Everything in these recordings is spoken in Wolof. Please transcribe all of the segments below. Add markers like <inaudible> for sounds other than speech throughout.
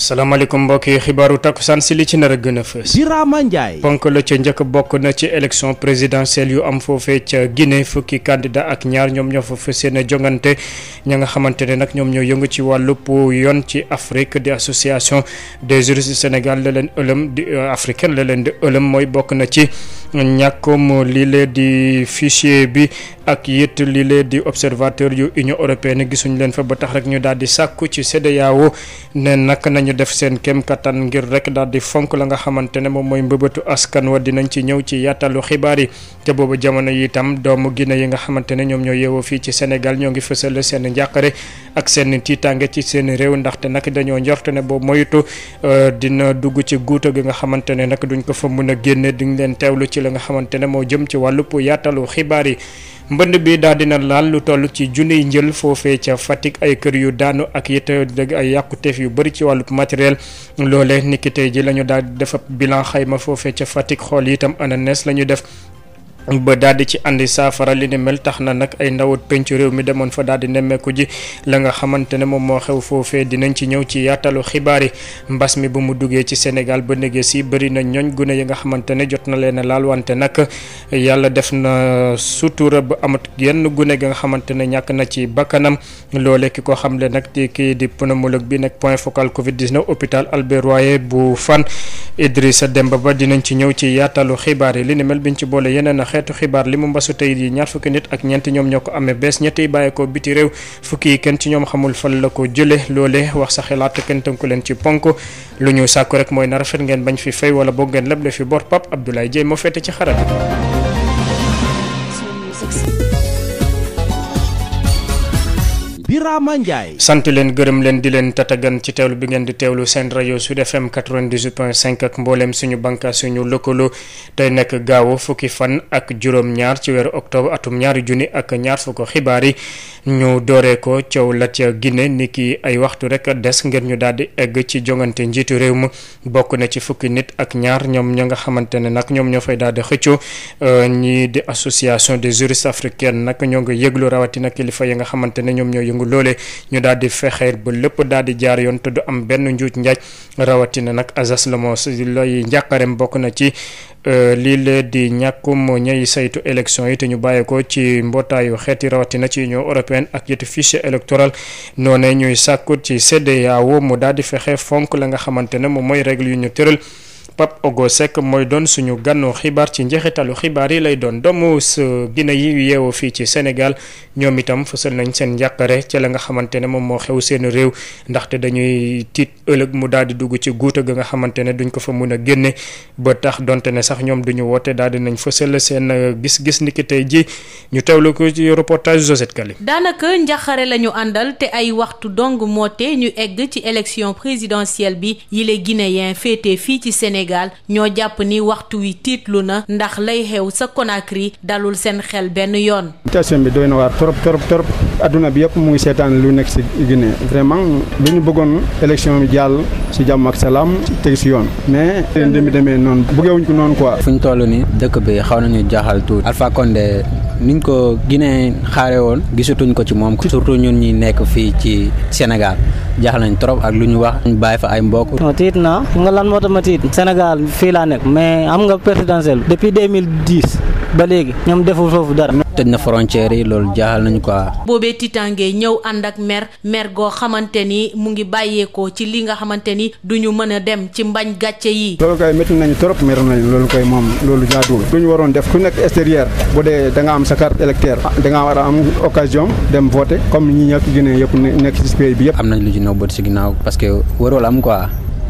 salaamaaleykum mbokki xibaaru takkusaan si li ci nar a gën a fës Birama Ndiaye ponk la ca njëkk bokk na ci élection présidentielle yu am foofee ca Guinée fukki candidat ak ñaar ñoom ñoo fa fësee na jongante ña nga xamante ne nag ñoom ñoo yëngu ci wàllu po yoon ci Afrique de association des juristes Sénégal la leen ëlëm di euh, africaine la leen di ëlëm mooy bokk na ci ñàkkum lii lee di fichier bi ak yit lii lee di observateur yu Union européenne gisuñ leen fa ba tax rek ñu daal di sàkku ci CEDEAO ne ñu def seen kem kattan ngir rek daal di fonk la nga xamante ne moom mooy mbëbëtu askan wa dinañ ci ñëw ci yaatalu xibaar yi te boobu jamono yi itam doomu Guinée yi nga xamante ne ñoom ñoo yeewoo fii ci Sénégal ñoo ngi fësal seen njàqare ak seen tiitaange ci seen réew ndaxte nag dañoo njort ne boobu moytu euh, dina dugg ci guuto gi nga xamante ne nag duñ ko fa mën a génne diñ leen teewlu ci la nga xamante ne moo jëm ci wàllup yaatalu xibaar yi mbënd bi daal na laal lu toll ci junniy njël foofee ca Fatick ay kër yu daanu ak it dëgg ay yàquteef yu bëri ci wàllu matériel loolee niki tey ji la ñu daal def bilan xayma foofee ca Fatick xool itam ananes la ñu def ba daal di ci andi saafara li ni mel tax na nag ay ndawat pencu réew mi demoon fa daal di nemmeeku ji la nga xamante ne moom moo xew foofee dinañ ci ñëw ci yaatalu xibaar yi mbas mi bu mu duggee ci Sénégal ba négé si bëri na ñooñ gune yi nga xamante ne jot na leen a laal wante nag yàlla def na sutura ba amat yenn gune gi nga xamante ne ñàkk na ci bakkanam loolee ki ko xamle nag di kii di pneumologue bi nag point focal Covid 19 hôpital Albert Royer bu Fann Idrissa Demba Ba dinañ ci ñëw ci yaatalu xibaar yi li ni mel ci boole yeneen xeetu xibaar li mu mbasu tey jii ñaar fukki nit ak ñeent ñoom ñoo ko amee bees ñetti bàyyeekoo biti réew fukki kenn ci ñoom xamul fan la ko jële loole wax sa xalaat kenn leen ci ponk lu ñu sàkku rek mooy na rafet ngeen bañ fi fay wala boog ngeen leble fi bor Pape Abdoulaye Dieye moo fete ci xarala. Birama Ndiaye. sant leen gërëm leen di leen tatagan ci teewlu bi ngeen di teewlu seen rajo Sud FM 98.5 ak mboolem suñu banka suñu lëkkaloo tey nekk gaawu fukki fan ak juróom-ñaar ci weeru octobre atum ñaari junni ak ñaar fukk xibaar yi ñu dooree ko cow la ca Guinée ni ki ay waxtu rek des ngir ñu daal di egg ci jongante njiitu réew mi bokk na ci fukki nit ak ñaar ñoom ñoo nga xamante ne nag ñoom ñoo fay daal di xëccoo euh, ñii di association des juristes africaines nak ñoo ngi yëglu rawatina kilifa yi nga xamante ne ñoom ñoo yëngul loole ñu daal di fexeel ba lépp daal di jaar yoon te du am benn njuuj njaaj rawatina nag asas la moo si lay njàqarem bokk na ci euh, lii la di ñàkkum ñay saytu élection yi te ñu bàyyi ko ci mbootaayu xeeti rawatina ci union européenne ak yetu fichier électoral noonu ñuy sàkku ci CEDEAO mu daal di fexe fonk la nga xamante ne moom mooy règle yu ñu tëral Pape Ogo Seck mooy doon suñu gànnu xibaar ci njeexitalu xibaar yi lay doon doomu Guinée yi yeewoo fii ci Sénégal ñoom itam fësal nañ seen njàqare ci la nga xamante ne moom moo xew seen réew ndaxte dañuy tiit ëllëg mu daal di dugg ci guuta ga nga xamante ne duñ ko fa mun génne ba tax donte ne sax ñoom duñu woote daal di nañ fësal seen gis-gis niki tey ji ñu teewlu ko ci reportage Josette Kali. daanaka njàqare la ñu àndal te ay waxtu dong moote ñu egg ci Sénégal ñoo jàpp ni waxtu wi tiitlu na ndax lay xew sa Conakry dalul seen xel benn yoon. situation bi doy na waar trop trop adduna bi yëpp mu ngi seetaan lu nekk si Guinée vraiment bi ñu bëggoon élection bi jàll si jàmm ak salaam teg si yoon mais. leen demee noonu bëggeewuñ ko noonu quoi. fu ñu toll nii dëkk bi xaw nañu jaaxal tuuti Alpha Condé niñ ko Guinée xaare woon gisatuñ ko ci moom ko surtout ñun ñi nekk fii ci Sénégal jaaxal nañ trop ak lu ñu wax ñu bàyyi fa ay mbokk. tiit naa nga lan moo tax tiit Sénégal fii laa nekk mais am nga présidentielle depuis 2010 ba léegi ñoom deful foofu dara. tëj na frontière yi loolu jaaxal nañu quoi. boobee tiitaange ñëw ànd ak mer mer goo xamante ni mu ngi bàyyeekoo ci li nga xamante ni du ñu mën a dem ci mbañ gàcce yi. loolu koy métti nañu trop mer nañu loolu koy moom loolu jaaduwul. lu waroon def ku nekk extérieur bu dee da nga am sa carte électeur ah, war a am occasion dem voter comme ñi ñëpp Guinée yëpp nekk ci pays bi yëpp. am que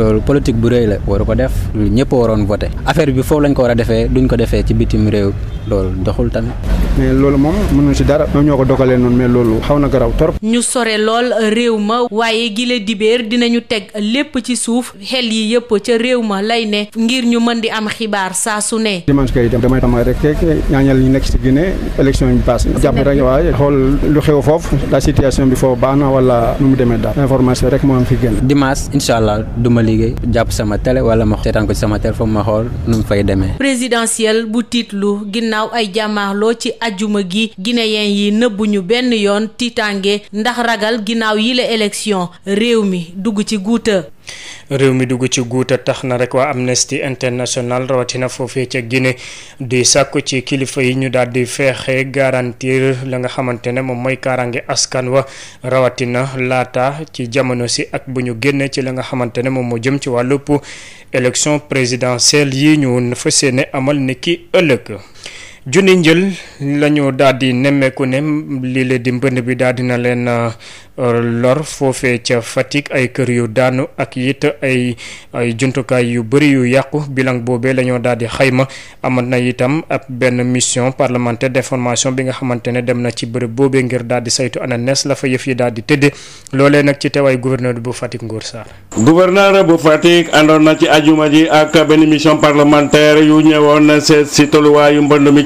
loolu politique bu rëy la waru ko def lu ñëpp waroon voté affaire bi foofu lañ ko war a defee duñ ko defee ci bitim réew loolu doxul tamit. mais loolu moom mënuñu ci dara ñoom ñoo ko dogalee noonu mais loolu ma waaye gile dibéer dinañu teg lépp ci suuf xel yi yëpp ca réew ma lay ne ñu mën di am xibaar saa su ne. dimanche kay dem damay tama rek ñaañal ñi nekk ci Guinée élection bi paase. jàpp xew foofu la situation bi foofu baax na wala nu mu demee daal information rek moo am fi génn. dimanche incha allah duma liggéey jàpp sama télé wala ma seetaan ko ci présidentielle bu tiitlu ginnaaw ay jàmmaarloo ci ajuma gi guinéen yi nëbbuñu benn yoon tiitaange ndax ragal ginnaaw yile élection réew mi dugg ci guuta réew mi dugg ci guut a tax na rek waa Amnesty International rawatina foofee ca Guinée di sàkku ci kilifa yi ñu daal di fexe garantir la nga xamante ne moom mooy kaaraange askan wa rawatina laata ci jamono si ak bu ñu génne ci la nga xamante ne moom moo jëm ci wàllub élection présidentielle yi ñu fa yéene amal ni ki ëllëg. junni njël lañu daal di nemmeeku ne lii la di ne bi daal dina leen euh, lor foofe ca Fatick ay kër yu daanu ak it ay ay jumtukaay yu bëri yu yàqu bilan boobee la ñoo daal di xayma amat na itam ab benn mission parlementaire deformation bi nga xamante ne dem na ci bërëb boobee ngir daal di saytu ana nees la fa yëf yi daal di tëddee loolee nag ci teewaay gouverneur bu Fatick Ngor Sarr. bu Fatick àndoon na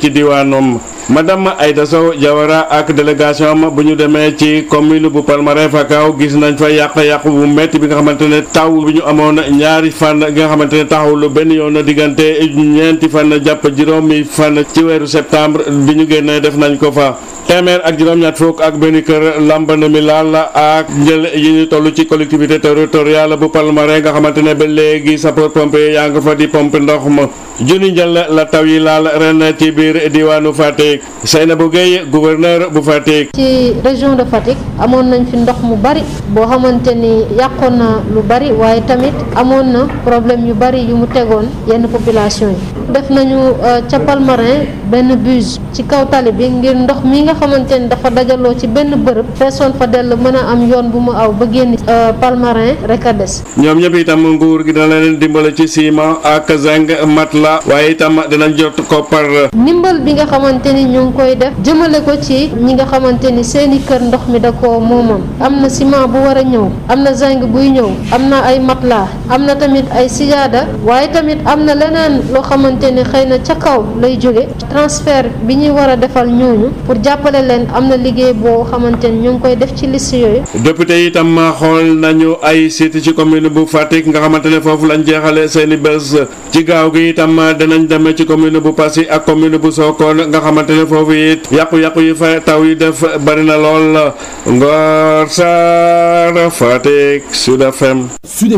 ci diwaanum madame Aïda Sow Diawara ak délégation am bu ñu demee ci commune bu Palmarin Fakaaw gis nañ fa yàq-yàq bu métti bi nga xamante ne taw bi ñu amoon ñaari fan gi nga xamante ne taxawlu benn yoon diggante ñeenti fan jàpp juróomi fan ci weeru septembre bi ñu génnee def nañ ko fa. téeméer ak juróom-ñaar fukk ak benn kër lambana mi laal la ak njël yi ñu toll ci collectivité territoriale bu Palmarin nga xamante ne ba léegi sapeur pompier yaa nga fa di pompe ndox ma junni njël la taw yi laal ren ci biir diwaanu Fatick Seynabou Gueye gouverneur bu Fatick. ci région de Fatick amoon nañ fi ndox mu bari boo xamante ni yàqoon na lu bari waaye tamit amoon na problème yu bari yu mu tegoon yenn population yi def nañu euh, ca Palmarin benn buse ci kaw nga xamante ni dafa ci benn bërëb feesoon fa dell mën a am yoon bu mu aw ba génn euh, palmarin rek a des. ñoom ñëpp itam nguur gi dana leen dimbale ci ciment ak zinc matelas waaye itam dinañ jot ko par. ndimbal bi nga xamante ni ñu ngi koy def jëmale ko ci ñi nga xamante ni seeni kër ndox mi da koo moomoon am na ciment bu war a ñëw am na zinc buy ñëw am na ay matelas am na tamit ay sigaada waaye tamit am na leneen loo xamante ni xëy na ca kaw lay jóge transfert bi ñuy war defal ñooñu pour jàpp jàppale leen am na liggéey boo xamante ni ngi koy def ci liste yooyu. député yi itam xool nañu ay site ci commune bu Fatick nga xamante ne foofu lañ jeexale seeni i bés ci gaaw gi itam danañ demee ci commune bu Passy ak commune bu Sokone nga xamante ne foofu it yàqu-yàqu yi fa taw yi def bari na lool Ngor Sarr Fatick Sud FM. Sud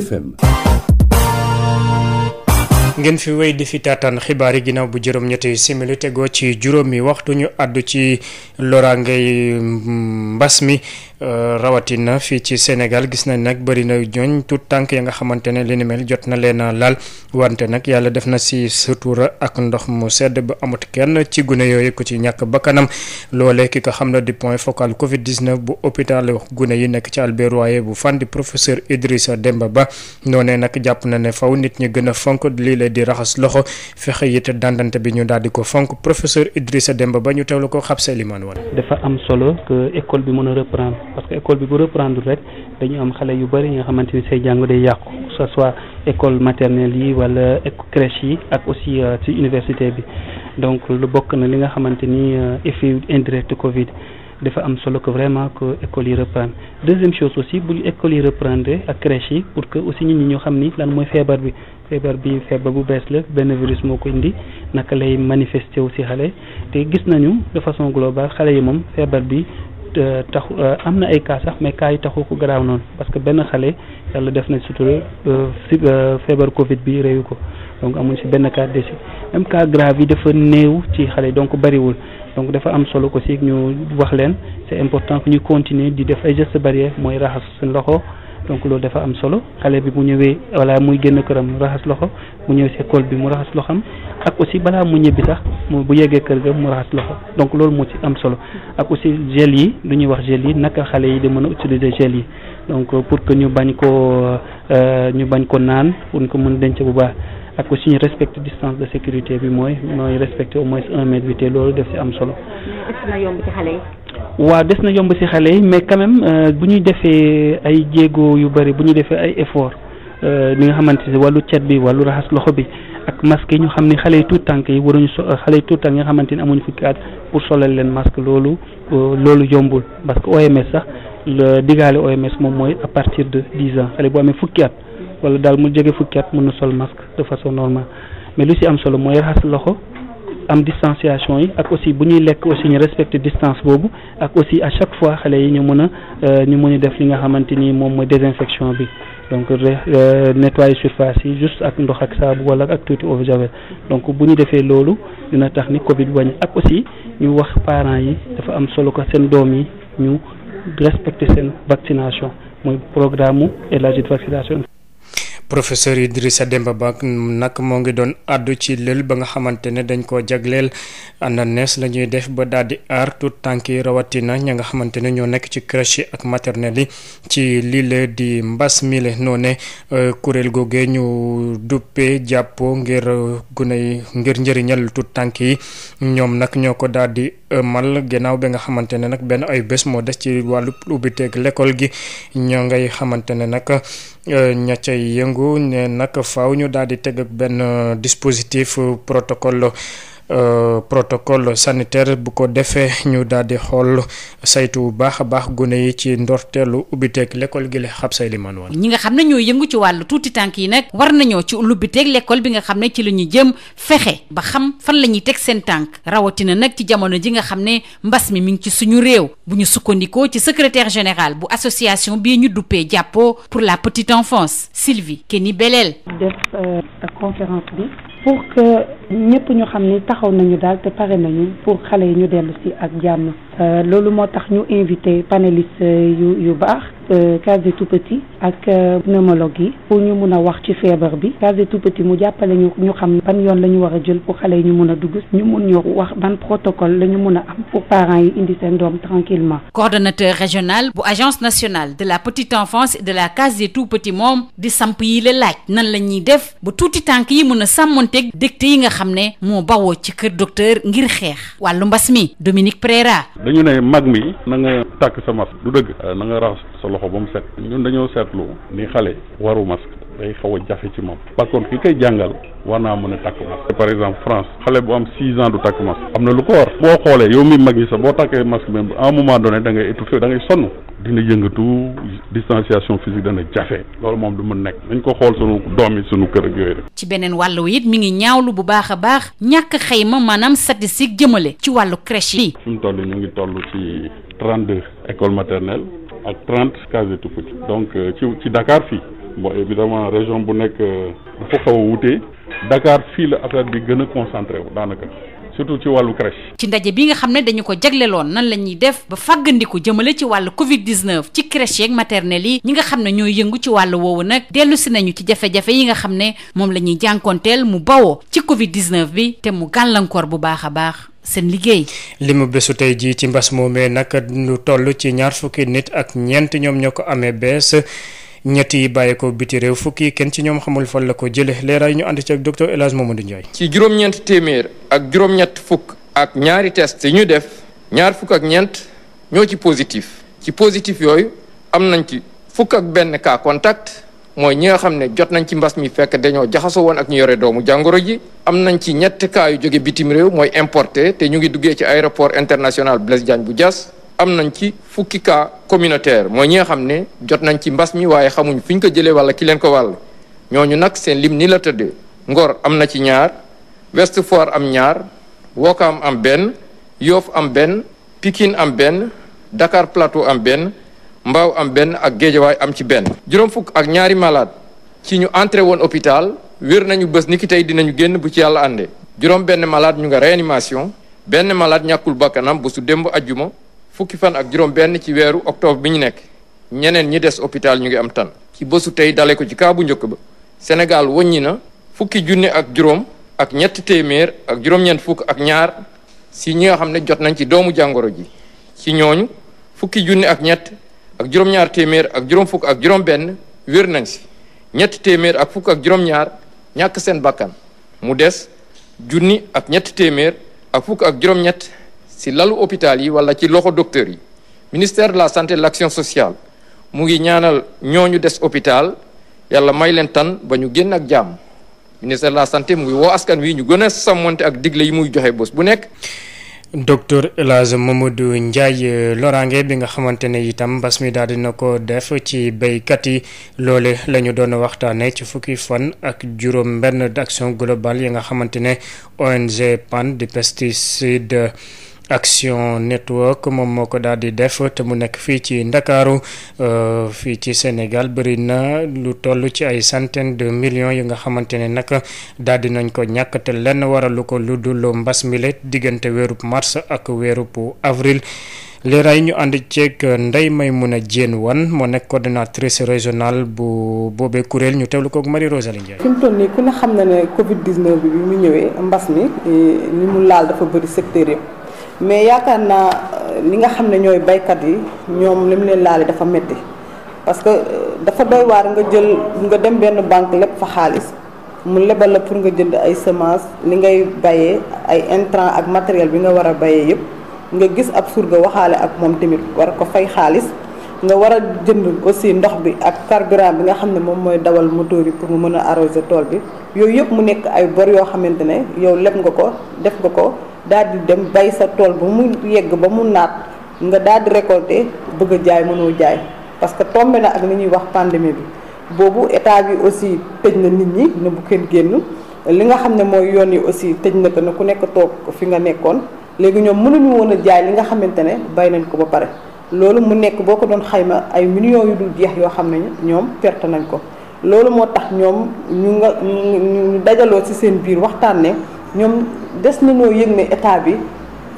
ngeen fi wéy di fi taatan xibaar yi ginnaaw bu juróom ñetti simili tegoo ci juróomi waxtu ñu àddu ci loraangay mm, mbas mi Euh, rawatina fii ci Sénégal gis nañ nag bëri na ñooñ tout tànk ya nga xamante ne li ni jot na leen a laal wante nag yàlla def na si sutura ak ndox mu sedd ba amut kenn ci gune yooyu ku ci ñàkk bakkanam loolee ki ko xam na di point focal Covid 19 bu hôpital gune yi nekk ci Albert Royer bu Fann di professeur Idrissa Demba Ba noonee nag jàpp na ne faw nit ñi gën a fonk lii la di raxas loxo fexe it dandante bi ñu daal di ko fonk professeur sa Demba Ba ñu teewlu ko xab Selimane woon dafa parce que école bi bu reprendre rek dañu am xale yu bëri yi nga xamante ni say jàng day yàqu que soit école maternelle yi wala crèche yi ak aussi euh, ci université bi donc lu bokk na li nga xamante ni euh, effet indirect Covid dafa am solo ko vraiment que école yi reprendre deuxième chose aussi bu école yi reprendre ak crèche yi pour que aussi nit ñi ñoo xam ni lan mooy feebar bi feebar bi feebar bu bees la benn virus moo ko indi naka lay manifester wu si xale te gis nañu de façon xale yi moom bi Euh, taxu euh, am na ay cas sax mais yi taxu ko garaaw noonu parce que benn xale yàlla def na sutura euh, si feebar Covid bi réewu ko donc amuñ si benn cas décès même cas yi dafa néew ci xale donc bariwul donc dafa am solo ko aussi ñu wax leen c'est important que ñu continuer di def ay gestes barrières mooy raxas seen loxo. donc loolu dafa am solo xale bi mu ñëwee wala muy génn këram mu raxas loxo mu ñëw si bi mu raxas loxam ak aussi balaa mu ñibbi sax mu bu yeggee kër ga mu raxas loxo donc loolu moo ci am solo ak aussi gel yi lu ñuy wax gel yi naka xale yi di mën a utiliser gel yi donc pour que ñu bañ koo euh, ñu bañ ko naan pour ñu ko mën denc bu baax ak aussi ñu respecte distance de sécurité bi mooy mooy respecté au moins un mètre bi te loolu def si am solo. waaw des na yomb ci xale yi mais quand euh, bu ñu defee ay jéego yu bari bu ñu defee ay effort euh, ni nga xamante ni wàllu cet bi wàllu raxas loxo bi ak masque yi ñu xam ne xale yi tuut tànk yi waruñu so xale yi tuut nga xamante ne amuñu fukki at pour solal leen masque loolu euh, loolu yombul parce que OMS sax digaale OMS moom mooy a partir de dix ans xale bu amee fukki at wala daal mu jege fukki at mën na sol masque de façon normale mais lu ci am solo mooy raxas loxo. am distanciation yi ak aussi bu ñuy lekk aussi ñu respecter distance boobu ak aussi à chaque fois xale yi ñu mën a euh, ñu mën def li nga xamante ni moom mooy désinfection bi donc euh, nettoyer surface yi juste ak ndox ak saabu wala ak tuuti javel donc bu ñu defee loolu dina tax ni Covid wàññi ak aussi ñu wax parent yi dafa am solo ko seen doom yi ñu respecter seen vaccination mooy programme mu de vaccination. professeur Idrissa Demba Ba nag moo ngi doon àddu ci lël ba nga xamante ne dañ koo jagleel ana nees la ñuy def ba daal di aar tout tànk yi rawatina ña nga xamante ne ñoo nekk ci crèche ak maternelle yi ci lile di mbas mile noo ne euh, kuréel googee ñu duppee jàppoo ngir euh, gune yi ngir njëriñal tout tànk yi ñoom nag ñoo ko daal di euh, mal gannaaw bi nga xamante ne nag benn ay bés moo des ci wàllu ubbiteeg l'école gi ñoo ngay xamante ne nag Euh, ña cay yëngu ne nag faaw ñu daal di teg benn euh, dispositif euh, protocole Euh, protocole sanitaire bu ko defee ñu daal di xool saytu bu baax a baax gune yi ci ndorteelu ubbiteeg l'école gi la xab say li woon ñi nga xam ne ñooy yëngu ci wàllu tuuti tànk yi nag war nañoo ci lubbiteeg l'école bi nga xam ne ci la ñu jëm fexe ba xam fan la ñuy teg seen tànk rawatina nag ci jamono ji nga xam ne mbas mi mi ngi ci suñu réew bu ñu sukkandikoo ci secretaire général bu association bii ñu duppee jàppoo pour la petite enfance Sylvie Kenny Belel def euh, taxaw nañu daal te pare nañu pour xale yi ñu dellu si ak jàmm euh, loolu moo tax ñu invité panélistes euh, yu yu baax Euh, case des tout-petits ak euh, pneumologue yi pour ñu mun a wax ci feebar bi case des tout-petits mu jàppale ñu ñu xam ban yoon la ñu war a jël pour xale yi ñu mun a dugg ñu mun ñu wax ban protocole la ñu mun a am pour parents yi indi seen doom tranquillement coordonnateur régional bu agence nationale de la petite enfance et de la case des tout-petits moom di samp yi la laaj nan la ñuy def ba tuuti tànk yi mun a teg dëkte yi nga xam ne moo bawoo ci kër docteur ngir xeex wàllu mbas mi Dominique Prera dañu mi na nga loxo ba mu set ñun dañoo seetlu ni xale waru masque day xaw a jafe ci moom par contre ki koy jàngal war naa mën a takk masque par exemple France xale bu am six ans du takk masque am na lu ko war boo xoolee yow mi mag ñi sax boo takkee masque même à moment donné da ngay étouffé da ngay sonn dina yëngatu distanciation physique dana jafe loolu moom du mën nekk nañ ko xool sunu doom sunu kër ak yooyu rek ci beneen wàll wi it mi ngi ñaawlu bu baax a baax ñàkk xayma maanaam statistique jëmale ci wàllu crèche yi fi mu toll ñu ngi toll ci trente deux école maternelle ak trente case de tout bon évidemment région bu nekk euh, dafa xaw a wute Dakar fii la affaire bi gën a concentré wu daanaka surtout ci wàllu crèche. ci ndaje bi nga xam ne dañu ko jagleloon nan la ñuy def ba fàggandiku jëmale ci wàllu Covid 19 ci crèche yeeg maternelle yi ñi nga xam ne ñooy yëngu ci wàllu woowu nag dellu si nañu ci jafe-jafe yi nga xam ne moom la ñuy jànkoonteel mu bawoo ci Covid 19 bi te mu gàllankoor bu baax a baax. seen liggéey. li mu bésu tey jii ci mbas moomee nag ñu toll ci ñaar fukki nit ak ñeent ñoom ñoo ko amee bees. ñett yi bàyyeekoo biti réew fukki kenn ci ñoom xamul fan la ko jëlee leeraay ñu ànd ci ak docteur El Hadj Mamadou Ndiaye. ci juróom-ñeent téeméer ak juróom-ñett fukk ak ñaari test yi ñu def ñaar fukk ak ñeent ñoo ci positif ci positif yooyu am nañ ci fukk ak benn cas contact. mooy ñi nga xam ne jot nañ ci mbas mi fekk dañoo jaxasoo woon ak ñu yore doomu jàngoro ji am nañ ci ñett cas yu jóge bitim réew mooy importé te ñu ngi duggee ci aéroport international Blaise Diagne bu Diass am nañ ci fukki cas communautaire mooy ñi nga xam ne jot nañ ci mbas mi waaye xamuñ fiñ ko jëlee walla ki leen ko wàll ñooñu nag seen lim ni la tëddee Ngor am na ci ñaar West Foire am ñaar Wokam am benn Yoff am benn pikin am benn Dakar Plateau am benn Mbao am benn ak Géejawaay am ci benn. juróom fukk ak ñaari malade ci ñu entré woon hôpital wér nañu bës ni ki tey dinañu génn bu ci yàlla àndee juróom benn malade ñu nga réanimation benn malade ñàkkul bakkanam bu su démb ajjuma fukki fan ak juróom benn ci weeru octobre bi ñu nekk ñeneen ñi des hôpital ñu ngi am tan ci bésu tey dale ko ci kaa bu njëkk ba Sénégal wàññi na fukki junni ak juróom ak ñetti téeméer ak juróom fukk ak ñaar si ñi nga xam ne jot nañ ci doomu jàngoro ji ci ñooñu fukki junni ak ñett ak juróom téeméer ak juróom fukk ak juróom-benn wér nañ si ñett téeméer ak fukk ak juróom-ñaar ñàkk seen bakkan mu des junni ak ñetti téeméer ak fukk ak juróom-ñett si lalu hôpital yi wala ci loxo docteur yi ministère de la santé de l'action sociale mu ngi ñaanal ñoo ñu des hôpital yàlla may leen tan ba ñu génn ak jàmm ministère de la santé mu ngi woo askan wi ñu gën a sàmmonte ak digle yi muy joxe bés bu nekk. docteur El Hadj Mamadou Ndiaye loraange bi nga xamante ne itam mbas mi daal dina ko def ci béykat yi loole lañu doon doon waxtaanee ci fukki fan ak juróom benn action globale yi nga xamante ne ONG PAN di pesticide Action Network moom moo ko daal di def te mu nekk fii ci Ndakaaru euh, fii ci Sénégal bëri na lu toll ci ay centaine de millions yi nga xamante ne nag daal di nañ ko ñàkk te lenn waralu ko lu dul mbas mile diggante weerub mars ak weeru weerub avril. leeraay ñu ànd ceeg Ndeye Maimouna Diène wan moo nekk coordonnatrice régionale bu boobee kuréel ñu teewlu ko ak Marie Rosalie mais yaakaar naa li euh, nga xam ne ñooy baykat yi ñoom li mu leen laale dafa metti parce que euh, dafa doy waar nga jël nga dem benn banque lépp fa xaalis mu lebal la pour nga jënd ay semences li ngay bayee ay intrants ak matériel bi nga war a bayee yëpp nga gis ab surga waxaale ak moom tamit war a ko fay xaalis nga war a jënd aussi ndox bi ak carburant bi nga xam ne moom mooy dawal moteur yi pour mu mën a arroser tool bi yooyu yëpp mu nekk ay bor yoo xamante ne yow lépp nga ko def nga ko daal di dem bay sa tool ba mu yegg ba mu naat nga daal di récolter bëgg a jaay mënoo jaay parce que tombé na ak li ñuy wax pandémie bi boobu état bi aussi tëj na nit ñi ne bu kenn génn li nga xam ne mooy yoon yi aussi tëj na ko ne ku nekk toog fi nga nekkoon léegi ñoom mënuñu woon a jaay li nga xamante ne bay nañ ko ba pare loolu mu nekk boo ko doon xayma ay millions yu dul jeex yoo xam ne ñoom perte nañ ko loolu moo tax ñoom ñu nga ñu dajaloo ci seen biir waxtaan ne ñoom des nañoo yëg ne état bi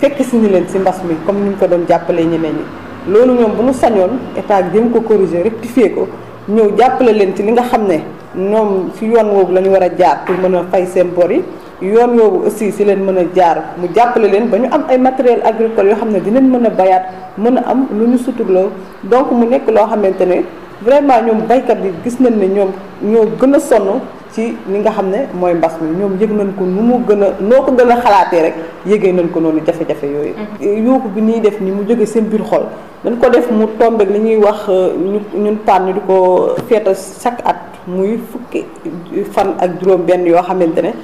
fekk si ni leen si mbas mi comme ni ñu ko doon jàppale ñeneen ñi loolu ñoom bu ñu sañoon état bi jëm ko corriger rectifier ko ñëw jàppale leen ci li nga xam ne ñoom si yoon woowu la ñu war a jaar pour mën a fay seen bor yi yoon woowu aussi si leen mën a jaar mu jàppale leen ba ñu am ay matériel agricole yoo xam ne dinañ mën a bayaat mën a am lu ñu suturloo donc mu nekk loo xamante ne vraiment ñoom baykat yi gis nañ ne ñoom ñoo gën a sonn ci li nga xam ne mooy mbas mi ñoom yëg nañ ko nu mu gën a noo ko gën a xalaatee rek yëgee nañ ko noonu jafe-jafe yooyu mm-hmm. yuuxu bi ñuy def ni mu jóge seen biir xol dañ ko def mu tombeek li ñuy wax euh, ñu ñun paan ñu ko feeta chaque at muy fukki fan ak juróom yoo xamante ne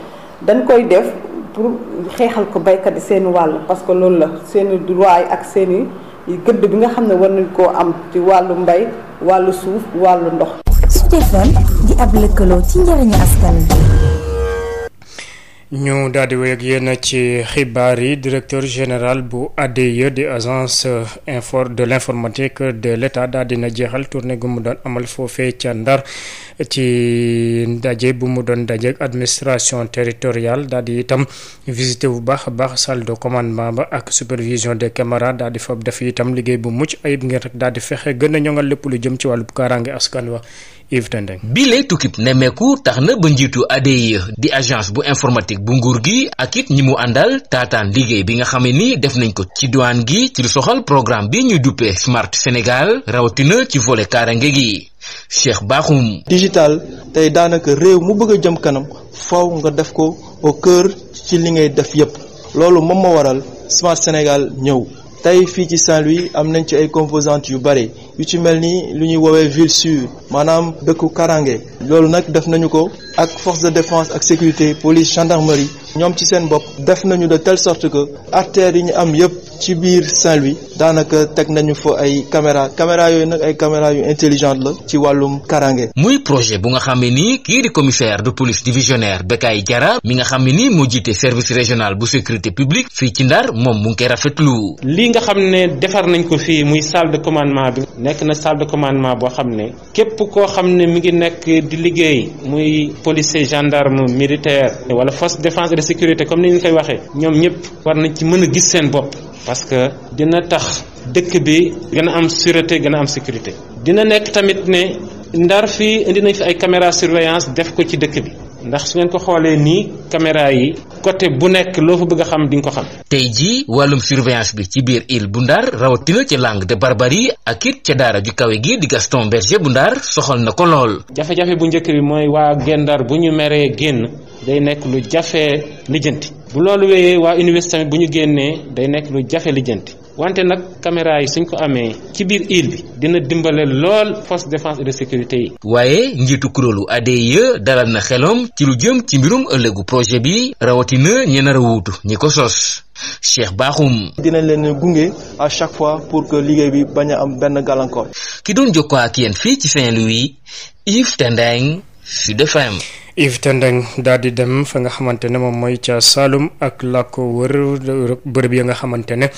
dañ koy def pour xeexal ko baykat yi seen wàll parce que loolu la seeni droit yi ak seeni gëdd bi nga xam ne war nañ koo am ci wàllu mbay wàllu suuf wàllu ndox di ñu daal di wéy ak yéen ci xibaar yi directeur général bu ADIE di agence infor de l' informatique de l' état daal dina jeexal tournée gu mu doon amal foofee ca ndar ci ndaje bu mu doon dajeek administration territoriale daal di itam visité bu baax a baax salle de commandement ba ak supervision des caméras daal di fab def itam liggéey bu mucc ayib ngir rek daal di fexe gën a ñoŋal lépp lu jëm ci wàllu kaaraange askan wa Yves Tendeng bile tukkib nemmeeku tax na ba njiitu ADIE di agence bu informatique bu nguur gi ak it ñi mu àndal taataan liggéey bi nga xam ni def nañ ko ci douane gi ci lu soxal programme bi ñuy duppee Smart Sénégal rawatina ci volet kaarange gi Cheikh Bakhoum. digital tey daanaka réew mu bëgg a jëm kanam faw nga def ko au cœur ci li ngay def yépp loolu moom ma waral Smart Sénégal ñëw tey fii ci Saint-Louis am nañ ci ay composantes yu bare yu ci mel ni lu ñuy woowee ville sûre maanaam dëkku karange loolu nag def nañu ko ak force de défense ak sécurité police gendarmerie ñoom ci seen bopp def nañu de telle sorte que artères yi ñu am yëpp ci biir Saint-Louis daanaka teg nañu fo ay caméra caméra yooyu nag ay caméra yu intelligente la ci wàllum karange muy projet bu nga xam ne nii kii di commissaire de police divisionnaire ay Diarra mi nga xam ne nii moo jiite service régional bu sécurité publique fii ci Ndar moom mu ngi lii nga xam ne defar nañ ko fii muy salle commandement bi. nekk na salle de commandement boo xam ne képp koo xam ne mi ngi nekk di liggéey muy policier gendarme militaire wala force défense et de sécurité comme ni ñu koy waxee ñoom ñëpp war nañ ci mën a gis seen bopp parce que dina tax dëkk bi gën a am sûreté gën a am sécurité dina nekk tamit ne ndar fii indi nañ fi ay caméra surveillance def ko ci dëkk bi ndax su ngeen ko xoolee nii caméra yi côté bu nekk loo fa bëgg a xam di nga ko xam. tey jii wàllum surveillance bi ci biir île bu Ndar rawatina ci langue de barbarie ak it ca daara ji kawe gi di Gaston Berger bu Ndar soxal na ko lool. jafe-jafe bu njëkk bi mooy waa Gendar bu ñu meree génn day nekk lu jafe lijjanti bu loolu wéyee waa université bu ñu génnee day nekk lu jafe lijjanti. wante nag caméra yi suñ ko amee ci biir île bi dina dimbale lool force défense et de sécurité yi. waaye njiitu kuréelu ADIE dalal na xelam ci lu jëm ci mbirum ëllëgu projet bi rawatina ñi nar wuutu ñi ko sos. Cheikh Bakhoum. dinañ leen gunge à chaque fois pour que liggéey bi bañ a am benn gàllankoor. ki doon jokkoo ak yéen fii ci Saint-Louis Yves Tendeng Sud FM. invité Ndeng daal di dem fa nga xamante ne moom mooy ca Saalum ak la bërëb ya nga xamante ne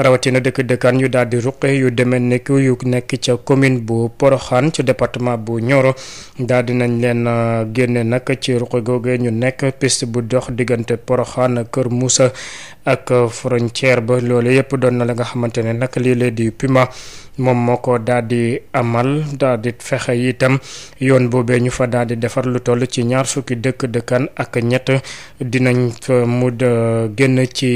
rawatina dëkk dëkkaan yu daal di ruqe yu demee nekk yu nekk ca commune bu Poroxaan ci département bu Nioro daal di nañ leen euh, génne nag ci ruqe googe ñu nekk piste bu dox diggante Poroxaan Kër Moussa ak frontière ba loolu yëpp doon na la nga xamante ne nag lii la di Puma moom moo ko daal di amal daal di fexe itam yoon boobee ñu fa daal defar lu toll ci ñaar ñaar fukki dëkk dëkkaan ak ñett dinañ fa mud euh, génn ci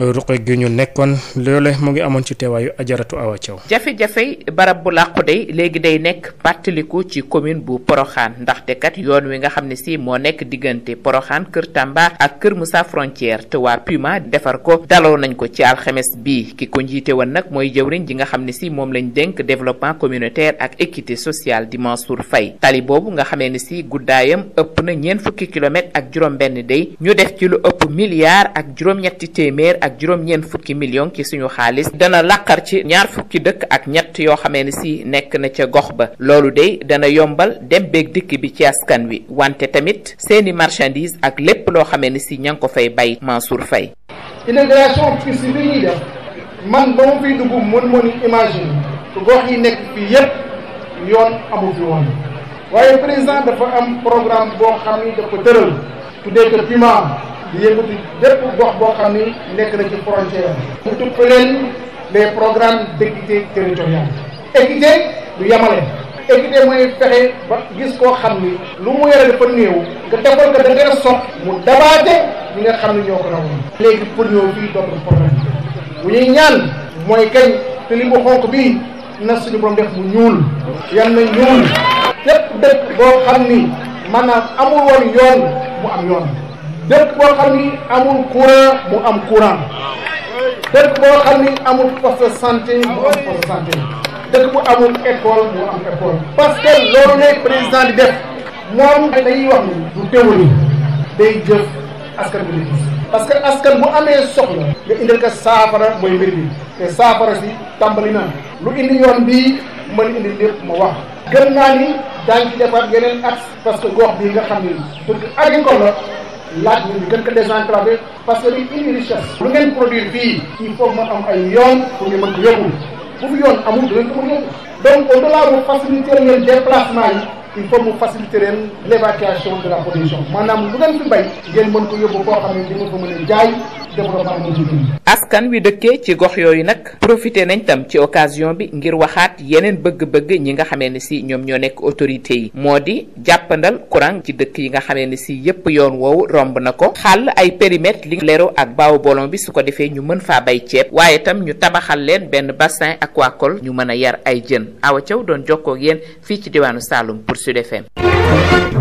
ruqe gi ñu nekkoon loole mu ngi amoon ci teewaayu ajaratu awa Thiaw. jafe-jafe barab bu làqu dey léegi day nekk pàttaliku ci commune bu Poroxaan ndaxte kat yoon wi nga xam ne sii moo nekk diggante Poroxaan Kër Tamba ak Kër Moussa frontière te waa Puma defar ko daloo nañ ko ci alxemes bi ki ko njiite woon nag mooy jëwriñ ji nga xam ne si moom lañ dénk développement communautaire ak équité sociale di Mansour fay tali boobu nga xamee ne si guddaayam ëpp na ñeent fukki kilomètres ak juróom-benn ñu def ci ak juróom-ñeent fukki million ci suñu xaalis dana làqar ci ñaar fukki dëkk ak ñett yoo xamee ne si nekk na ca gox ba loolu de dana yombal dem beeg dikk bi ci askan wi wante tamit seeni marchandise ak lépp loo xamee ne si ña ngi ko fay bay Mansour Faye inauguration piste bi ñuy def man ba mu fiy dugg mën mënu imagine gox yi nekk fii yépp yoon amu fi woon waaye président dafa am programme boo xam ni dafa tëral tuddee ko PIMA di yëngatu bépp gox boo xam ni nekk na ci frontière mu tudd leen les programmes d'équité territoriale équité du yamale équité mooy fexe ba gis koo xam ni lu mu yore dafa néew nga defal ko da nga sot mu dabaate ñi nga xam ne ñoo ko rawoon léegi pour ñëw fii dootul problème bu na suñu borom def mu ñuul yan na ñuul lépp dëkk boo xam ni maanaam amul woon yoon mu am yoon dëkk boo xam ni amul courant mu am courant dëkk boo xam ni amul poste santé mu am poste santé dëkk bu amul école mu am école. parce que loolu lay président di def moom dañuy wax ni du théorie day jëf askan bi la gis parce que askan bu amee soxla nga indil ko saafara mooy mbir bi te saafara si tàmbali na lu indi yoon bii mën indi lépp ma wax gën naa ni daañu ci defaat yeneen at parce que gox bii nga xam ni dëkk agricole la laaj ñu ñu gën ko désenclavé parce que dañuy indi ngeen produire fii il faut ma am ay yoon pour ñu mën ko yóbbu bu fi yoon amul dinañ ko mën a yóbbu donc au delà bu faciliter mu faciliter maanaam lu askan wi dëkkee ci gox yooyu nag profité nañ tam ci occasion bi ngir waxaat yeneen bëgg-bëgg ñi nga xamee ne si ñoom ñoo nekk autorité yi moo di jàppandal kuran ci dëkk yi nga xamee ne si yépp yoon woowu romb na ko xàll ay périmètre li lero ak baawu bolon bi su ko defee ñu mën faa bay ceeb waaye tam ñu tabaxal leen benn bassin aquacole ñu mën a yar ay jën awa doon jokkoo ak fii ci diwaanu Saloum pour Sud FM.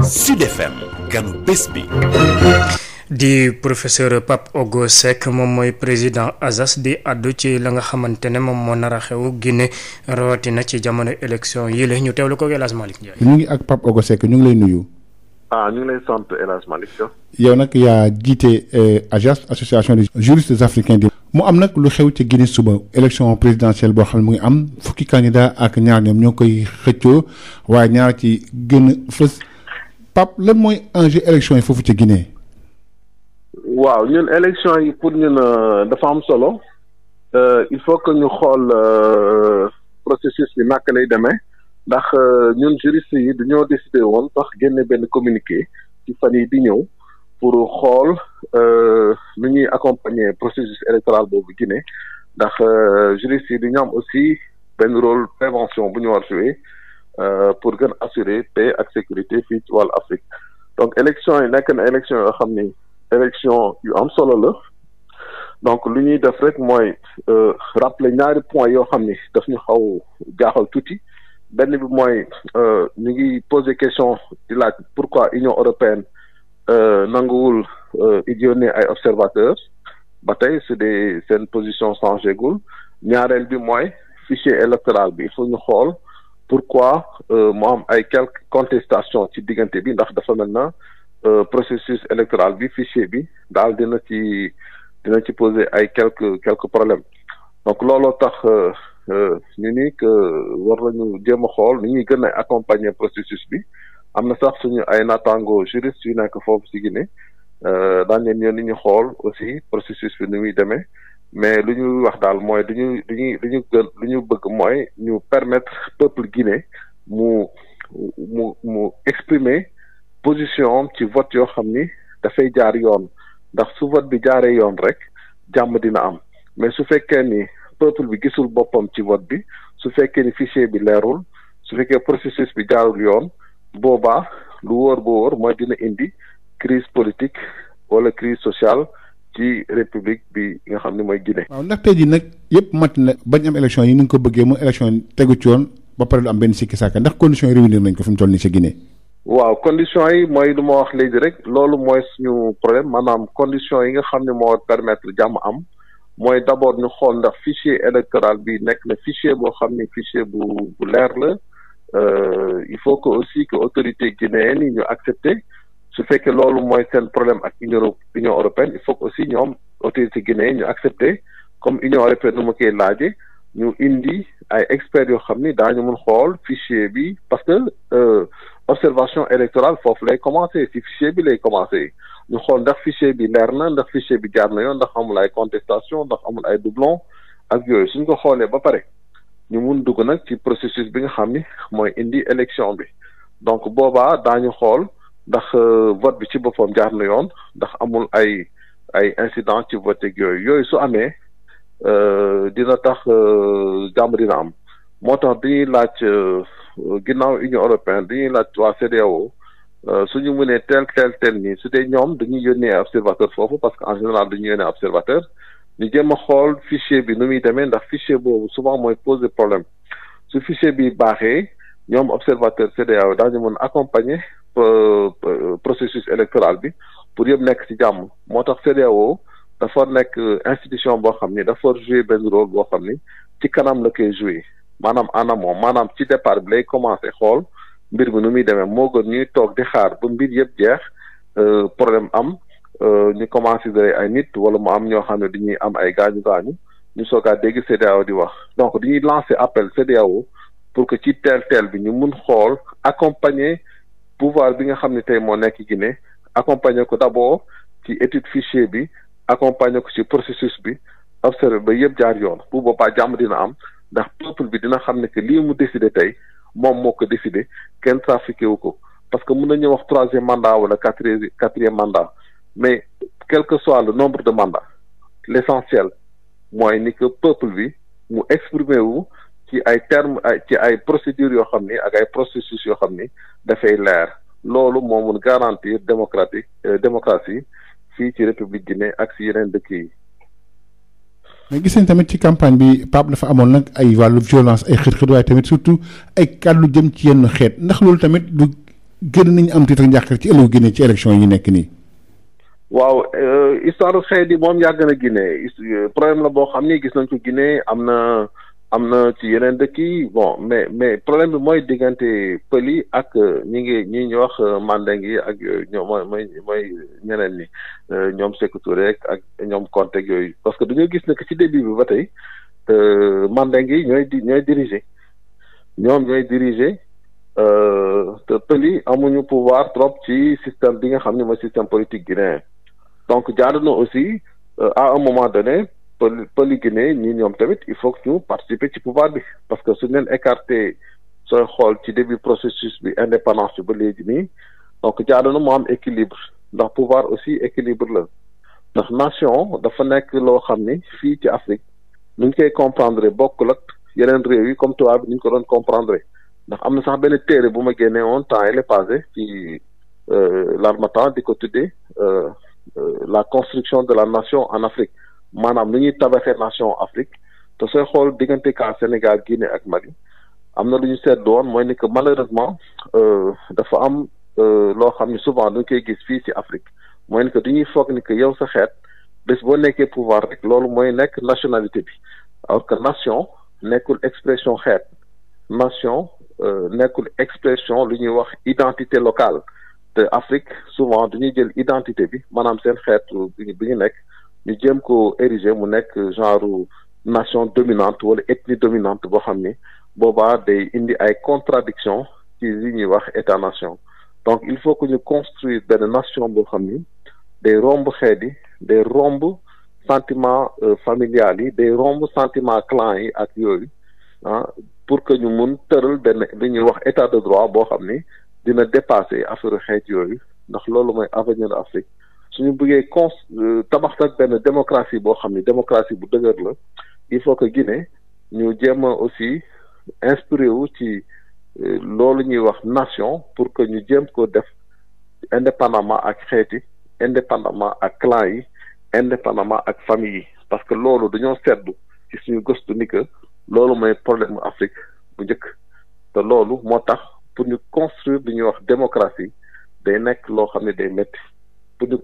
Sud FM ganu bés bi. di professeur Pape Ogo Seck moom mooy président ASAS di àddu ci la nga xamante ne moom moo nar a xew Guinée rawatina ci jamono élection yi la ñu teewlu ko El Hadj ñu ngi ak Pape Ogo Seck ñu ngi lay nuyu. ah ñu ngi lay sant El Hadj yow nag yaa jiite eh, association des juristes africains di. mu am nag lu xew ci Guinée suba élection présidentielle boo xam ne mu ngi am fukki candidat ak ñaar ñoom ñoo koy xëccoo waaye ñaar ci gën a fës Pape mooy enjeu élection yi foofu ci Guinée. waaw ñun élection yi pour ñun euh, dafa am solo euh, il faut que ñu xool euh, processus yi nakk lay demee ndax ñun juriste yi du dañoo décidé woon sax génne benn communiqué ci fan yi di ñëw. pour xool euh, nu ñuy accompagner processus électoral boobu Guinée ndax euh, juriste yi di ñu am aussi benn rôle prévention bu ñu war jouer euh, pour gën assurer paix ak sécurité fii ci wàllu Afrique donc élection yi nekk na élection yoo xam ni élection yu am solo la donc lu ñuy def rek mooy rappeler ñaari point yoo xam ni daf ñu xaw jaaxal tuuti benn bi mooy ñu ngi poser question di laaj pourquoi Union européenne Euh, nanguwul yónnee euh, ay observateurs ba tey su dee seen position changé gul ñaareel bi mooy fichier électoral bi il faut ñu xool pourquoi euh, mu am ay quelques contestations ci diggante bi ndax dafa mel na processus électoral bi fichier bi daal dina ci dina ci poser ay quelques quelques problème donc looloo tax ñu ni que war nañu jéem a xool ni ñuy gën accompagner processus bi am na sax suñu ay naataango juriste yu nekk foofu ci Guinée daañu leen yoon ni ñu xool aussi processus bi ni muy demee mais lu ñuy wax daal mooy du ñu ñu gën lu ñu bëgg mooy ñu permettre peuple Guinée mu mu mu exprimer position am ci vote yoo xam ni dafay jaar yoon ndax su vote bi jaaree yoon rek jàmm dina am mais su fekkee ni peuple bi gisul boppam ci vote bi su fekkee ni fichier bi leerul su fekkee processus bi jaarul yoon boobaa lu wóor bu wóor mooy dina indi crise politique wala crise sociale ci république bi nga xam ne mooy Guinée. waaw ndax tey jii nag yëpp mat na bañ am élection yi ni nga ko bëggee mu élection tegu ci woon ba pare lu am benn sikki ndax conditions yi réunir nañ ko fi mu toll nii ci Guinée. yi mooy lu ma wax léegi rek loolu mooy suñu problème maanaam conditions yi nga xam ne moo permettre jàmm am mooy d'abord ñu xool ndax fichier électoral bi nekk na fichier boo xam ne fichier bu bu leer la. Euh, il faut que aussi que autorité guinéenne ni ñu accepté su fekkee loolu mooy seen problème ak union union européenne il faut que aussi ñoom autorité guinéenne ñu accepté comme union européenne nu ma koy laaje ñu indi ay experts yoo xam ni daañu mun xool fichier bi parce que euh, observation électorale foofu lay commencé ci fichier bi lay commencé ñu xool ndax fichier bi leer na ndax fichier bi jaar na yoon ndax amul ay contestation ndax amul ay doublon ak yooyu suñ ko xoolee ba pare ñu mun dugg nag ci processus bi nga xam ni mooy indi élection bi donc boobaa daañu xool ndax euh, vote bi ci boppam jaar na yoon ndax amul ay ay incident ci vote ak yooyu yooyu su amee euh, dina tax euh, jàmm dina am moo tax dañuy laaj ginnaaw Union européenne dañuy laaj waa CEDEAO suñu mënee teel teel teel nii su dee ñoom dañuy yónnee observateur foofu parce que en général dañuy yónnee observateur ñu jéem a xool fichier bi nu muy demee ndax fichier boobu souvent mooy pose de problème su fichier bi baaxee ñoom observateur CEDEAO daañu mën accompagner euh, processus électoral bi pour yëpp nekk ci jàmm moo tax CEDEAO dafa nekk institution boo xam ni dafa jouer benn rôle boo xam ni ci kanam la koy jouer maanaam en moom maanaam ci départ bi lay commencer xool mbir bi nu muy demee moo gën ñuy toog di xaar ba mbir yëpp jeex euh, problème am Euh, ñu commencé ay nit wala mu am ñoo xam ne dañuy am ay gaañu gaañu ñu soog a dégg CEDEAO di wax donc dañuy lancer appel CEDEAO pour que ci teel teel bi ñu mun xool accompagner pouvoir bi nga xam ne tey moo nekk ne accompagner ko d'abord ci étude fichier bi accompagner ko ci processus bi observer ba yëpp jaar yoon bu boobaa jàmm dina am ndax peuple bi dina xam ne que lii mu décidé tey moom moo ko décidé kenn trafiqué wu ko parce que mun nañu wax troisième mandat wala quatrième quatrième mandat. mais quelque que soit le nombre de mandats l'essentiel mooy ni que peuple bi mu exprimer wu ci ay termes ci ay procédures yoo xam ni ak ay processus yoo xam ni dafay leer loolu moo mun garantir démocratique euh, démocratie fii ci république Guinée ak si yeneen dëkk yi. mais gis nañ tamit ci campagne bi Pape dafa amoon nag ay wàllu violence ay xër-xër waaye tamit surtout ay kàddu jëm ci yenn xeet ndax loolu tamit du gën nañu am tiit ak njàqare ci ëllëgu Guinée ci élection yi nekk nii. waaw euh, histoire xeet yi moom yàgg na gine problème la boo xam ni gis nañ ko Guinée am na am na ci yeneen dëkk yi bon mais mais problème bi mooy diggante pël yi ak euh, ñi ngi ñi ñuy wax euh, mandeng yi ak ñoom moy mooy ñeneen ñi ñoom Sékou rek ak ñoom Conté yooyu parce que dañoo gis ne que ci début bi ba tey mandeng yi ñooy di ñooy diriger ñoom ñooy diriger. te pël yi amuñu pouvoir trop ci système bi nga xam ne mooy système politique guinéen donc jaadu na aussi euh, à un moment donné pël pëli Guinée ñi ñoom tamit il faut que ñu participer ci pouvoir bi parce que suñ neen écarté sooy xool ci début processus bi indépendance bi ba léegi nii donc jaadu na mu am équilibre ndax pouvoir aussi équilibre la ndax nation dafa nekk loo xam ni fii ci Afrique nu ñu koy comprendre bokk ak yeneen réew yi comme tubaab bi ni ñu ko doon comprendre ndax am na sax benn téere bu ma génnee woon temps yi passé ci euh, l'harmattan di ko tuddee euh, Euh, la construction de la nation en Afrique maanaam lu ñuy tabaxee nation Afrique te sooy xool diggante kaa Sénégal Guinée ak Mali am na lu ñu seetlu woon mooy ni que malheureusement euh, dafa am euh, loo xam ne souvent dañ koy gis fii ci Afrique mooy ni que du ñuy foog ni que yow sa xeet bés boo nekkee pouvoir rek loolu mooy nekk nationalité bi alors que nation nekkul expression xeet nation nekkul expression lu ñuy wax identité locale te Afrique souvent du dañuy jël identité bi maanaam seen xeetu bi ñu nekk ñu jéem ko ériger mu nekk genre nation dominante wala ethnie dominante boo xam ni boobaa day indi ay contradiction ci li ñuy wax état nation donc il faut que ñu construire benn nation boo xam ni day romb xeet yi day romb sentiment euh, familial yi day romb sentiment clan yi ak yooyu ah pour que ñu mun tëral benn li ñuy wax état de droit boo xam ni dina dépasser affaire xeet yooyu ndax loolu mooy avenir Afrique suñu buggee cons euh, tabax nag benn démocratie boo xam ne démocratie bu dëgër la il faut que Guinée ñu jéem a aussi inspiré wu ci euh, loolu ñuy wax nation pour que ñu jéem ko def indépendamment ak xeeti indépendamment ak clan yi indépendamment ak famille yi parce que loolu dañoo seddu ci suñu gëstu ni loolu mooy problème Afrique bu njëkk te loolu moo tax pour ñu construire li ñuy wax démocratie day loo xam ne day métti pour ñu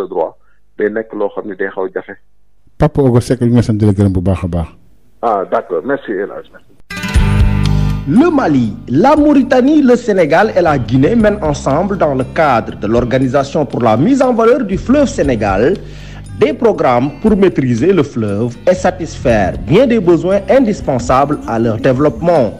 de droit day loo xam ne day xaw jafe. Papa Ogo Seck bu baax a baax. ah d'accord merci El Hadj Le Mali, la Mauritanie, le Sénégal et la Guinée mènent ensemble dans le cadre de l'Organisation pour la mise en valeur du fleuve Sénégal des programmes pour maîtriser le fleuve et satisfaire bien des besoins indispensables à leur développement.